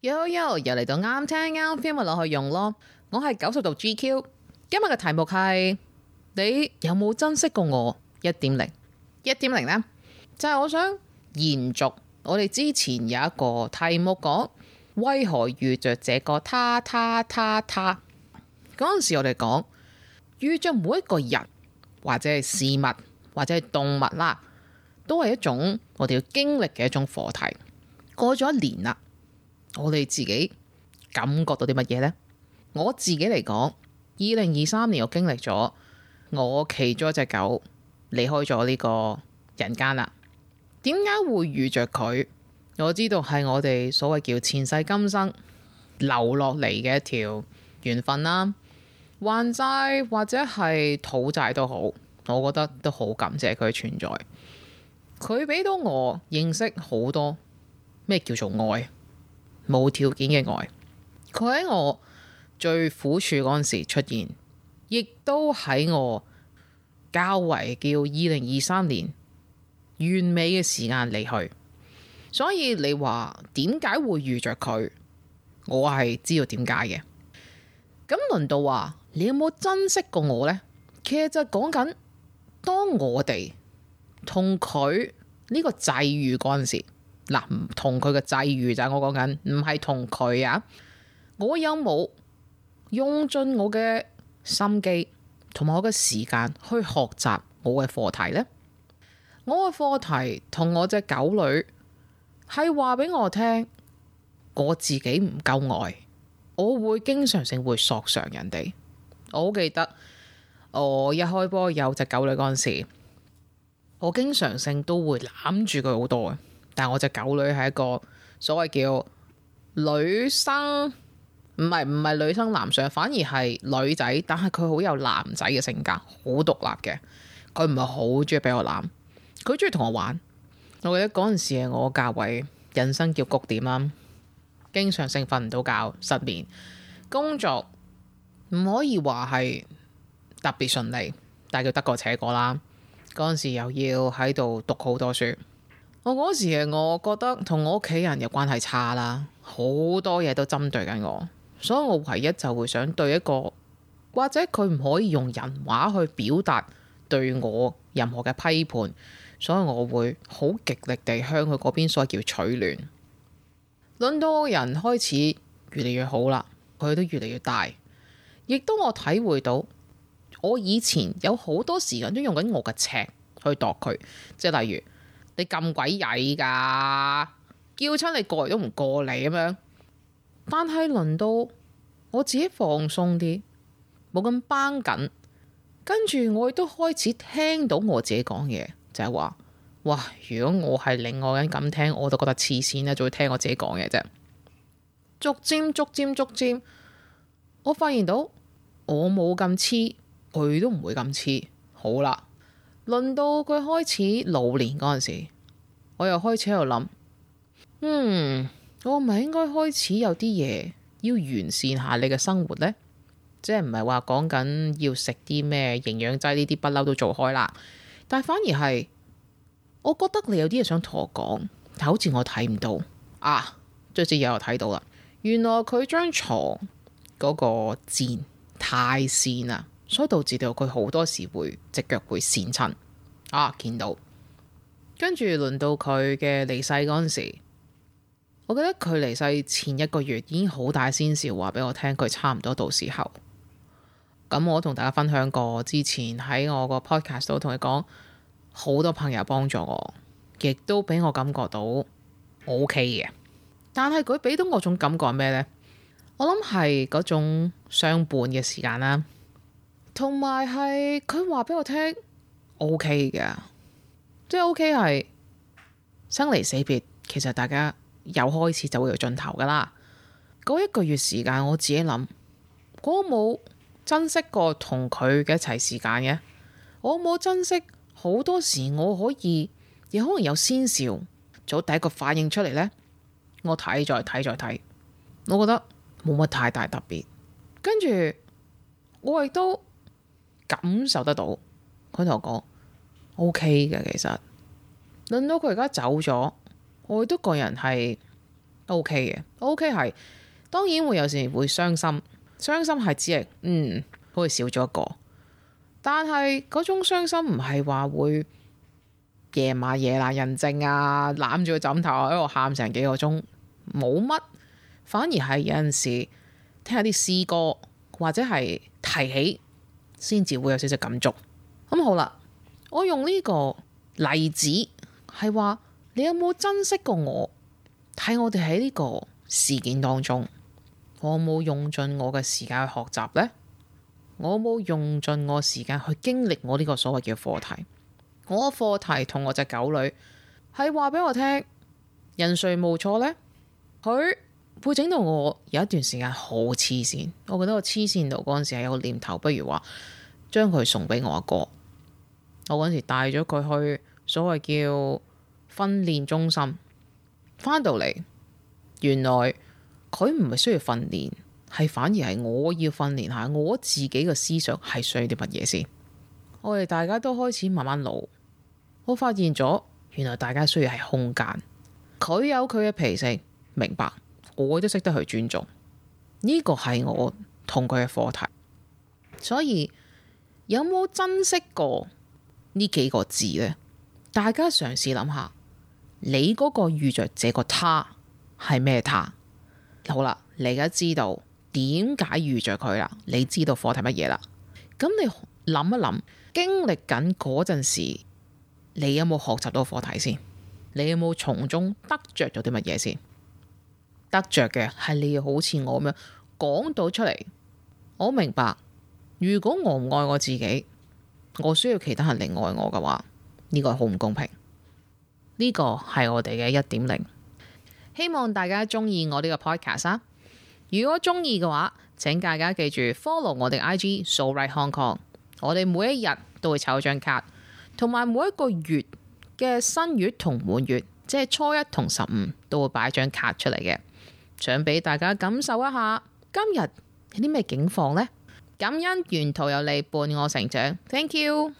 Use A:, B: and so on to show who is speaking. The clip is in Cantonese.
A: Yo Yo 又嚟到啱聽啱，feel 咪攞去用咯。我係九十度 GQ，今日嘅題目係你有冇珍惜過我？一點零，一點零呢？」就係、是、我想延續我哋之前有一個題目講，為何遇着這個他他他他嗰陣時我，我哋講遇着每一個人或者係事物或者係動物啦，都係一種我哋要經歷嘅一種課題。過咗一年啦。我哋自己感覺到啲乜嘢呢？我自己嚟講，二零二三年我經歷咗，我騎咗隻狗離開咗呢個人間啦。點解會遇着佢？我知道係我哋所謂叫前世今生留落嚟嘅一條緣分啦，還債或者係討債都好，我覺得都好感謝佢嘅存在。佢俾到我認識好多咩叫做愛。無條件嘅愛，佢喺我最苦處嗰陣時出現，亦都喺我較為叫二零二三年完美嘅時間離去。所以你話點解會遇着佢？我係知道點解嘅。咁輪到話你有冇珍惜過我呢？其實就係講緊當我哋同佢呢個際遇嗰陣時。嗱，同佢嘅際遇就係我講緊，唔係同佢啊。我有冇用盡我嘅心機同埋我嘅時間去學習我嘅課題呢？我嘅課題同我隻狗女係話俾我聽，我自己唔夠愛，我會經常性會索償人哋。我好記得我一開波有隻狗女嗰陣時，我經常性都會攬住佢好多嘅。但係我隻狗女係一個所謂叫女生，唔係唔係女生男上，反而係女仔。但係佢好有男仔嘅性格，好獨立嘅。佢唔係好中意俾我攬，佢中意同我玩。我記得嗰陣時係我價位人生叫谷點啦，經常性瞓唔到覺，失眠，工作唔可以話係特別順利，但係叫得過且過啦。嗰陣時又要喺度讀好多書。我嗰時係我覺得同我屋企人嘅關係差啦，好多嘢都針對緊我，所以我唯一就會想對一個或者佢唔可以用人話去表達對我任何嘅批判，所以我會好極力地向佢嗰邊所謂叫取暖。輪到我人開始越嚟越好啦，佢都越嚟越大，亦都我體會到我以前有好多時間都用緊我嘅尺去度佢，即係例如。你咁鬼曳噶，叫親你過嚟都唔過嚟咁樣。但係輪到我自己放鬆啲，冇咁繃緊，跟住我亦都開始聽到我自己講嘢，就係話：，哇！如果我係另外一個人咁聽，我都覺得黐線啦，就會聽我自己講嘢啫。逐漸、逐漸、逐漸，我發現到我冇咁黐，佢都唔會咁黐。好啦。輪到佢開始老年嗰陣時，我又開始喺度諗，嗯，我唔係應該開始有啲嘢要完善下你嘅生活呢？即係唔係話講緊要食啲咩營養劑呢啲不嬲都做開啦，但反而係，我覺得你有啲嘢想同我講，但好似我睇唔到啊，最遲又睇到啦，原來佢張床嗰個墊太跣啦。所以導致到佢好多時會隻腳會跣親啊！見到，跟住輪到佢嘅離世嗰陣時，我記得佢離世前一個月已經好大先兆，話俾我聽，佢差唔多到時候。咁我同大家分享過，之前喺我個 podcast 度同佢講，好多朋友幫助我，亦都俾我感覺到 OK 嘅。但係佢俾到我種感覺係咩呢？我諗係嗰種相伴嘅時間啦。同埋係佢話俾我聽，O K 嘅，即係 O K 係生離死別，其實大家有開始就會有盡頭噶啦。嗰一個月時間，我自己諗，我冇珍惜過同佢嘅一齊時間嘅，我冇珍惜好多時，我可以亦可能有先兆，早第一個反應出嚟呢，我睇再睇再睇，我覺得冇乜太大特別。跟住我亦都。感受得到，佢同我講 O K 嘅，其實，輪到佢而家走咗，我亦都個人係 O K 嘅，O K 係，當然會有時會傷心，傷心係自然，嗯，好似少咗一個，但係嗰種傷心唔係話會夜晚夜闌人靜啊，攬住個枕頭喺度喊成幾個鐘，冇乜，反而係有陣時聽下啲詩歌，或者係提起。先至會有少少感觸。咁好啦，我用呢個例子係話你有冇珍惜過我？睇我哋喺呢個事件當中，我冇用盡我嘅時間去學習呢？我冇用盡我時間去經歷我呢個所謂嘅課題。我課題同我隻狗女係話俾我聽，「人誰無錯呢？」佢。會整到我有一段時間好黐線，我覺得我黐線到嗰陣時係有個念頭，不如話將佢送俾我阿哥、哥。我嗰陣時帶咗佢去所謂叫訓練中心，翻到嚟，原來佢唔係需要訓練，係反而係我要訓練下我自己嘅思想係需要啲乜嘢先。 我哋大家都開始慢慢老，我發現咗原來大家需要係空間，佢有佢嘅脾性，明白。我都識得去尊重，呢個係我同佢嘅課題。所以有冇珍惜過呢幾個字呢？大家嘗試諗下，你嗰個遇着這個他係咩？他好啦，你而家知道點解遇着佢啦？你知道課題乜嘢啦？咁你諗一諗，經歷緊嗰陣時，你有冇學習到課題先？你有冇從中得着咗啲乜嘢先？得着嘅係你要好似我咁樣講到出嚟，我明白。如果我唔愛我自己，我需要其他人嚟愛我嘅話，呢個好唔公平。呢個係我哋嘅一點零。希望大家中意我呢個 podcast。如果中意嘅話，請大家記住 follow 我哋 IG Zorite Hong Kong。我哋每一日都會抽一張卡，同埋每一個月嘅新月同滿月，即係初一同十五，都會擺張卡出嚟嘅。想俾大家感受一下今日有啲咩境況呢？感恩沿途有你伴我成長，Thank you。